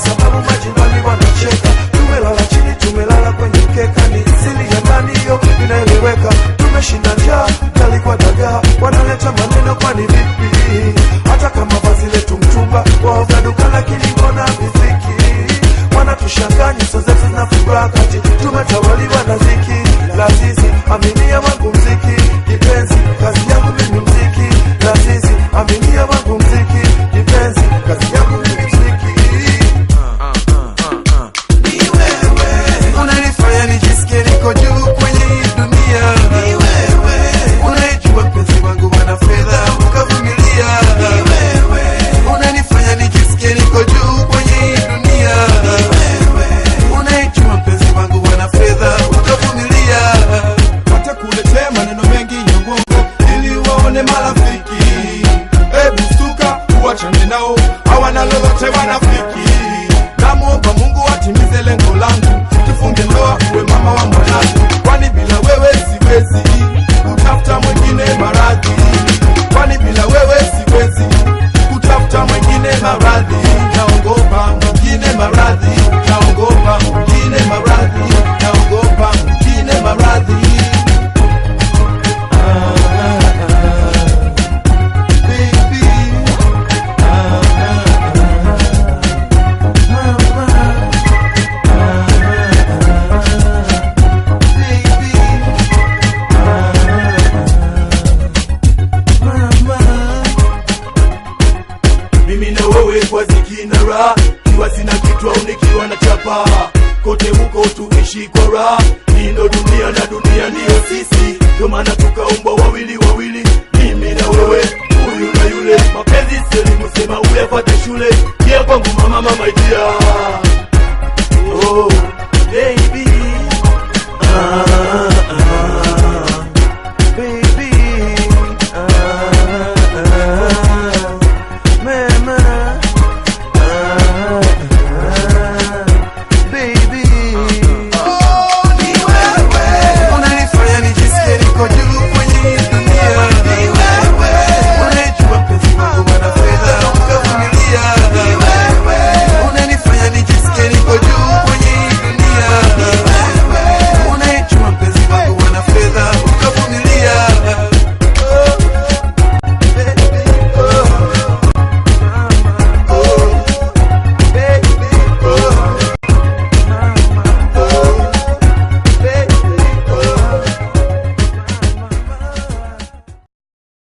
kwa sababu majirani wanacheka. Tumelala chini, tumelala kwenye mkeka, hiyo inaeleweka. Tumeshinda njaa, talikuwa dagaa, wanaleta maneno, kwani Hata kama vazi letu mtumba, waoga duka lakini mbona wanatushangaa, nyuso zetu kati tumetawaliwa na ziki lazizi, aminia wote wanafiki, namwomba Mungu atimize lengo langu, tufunge ndoa uwe mama wa mwanangu, kwani bila wewe siwezi raha, kiwa sina kitu au nikiwa na chapa, kote huko tuishi kwa raha. dunia na dunia ndiyo sisi, ndio maana tukaumbwa wawili wawili, mimi na wewe, huyu na yule. Mapenzi selimusema uyafuate shule, kia kwangu mama, mama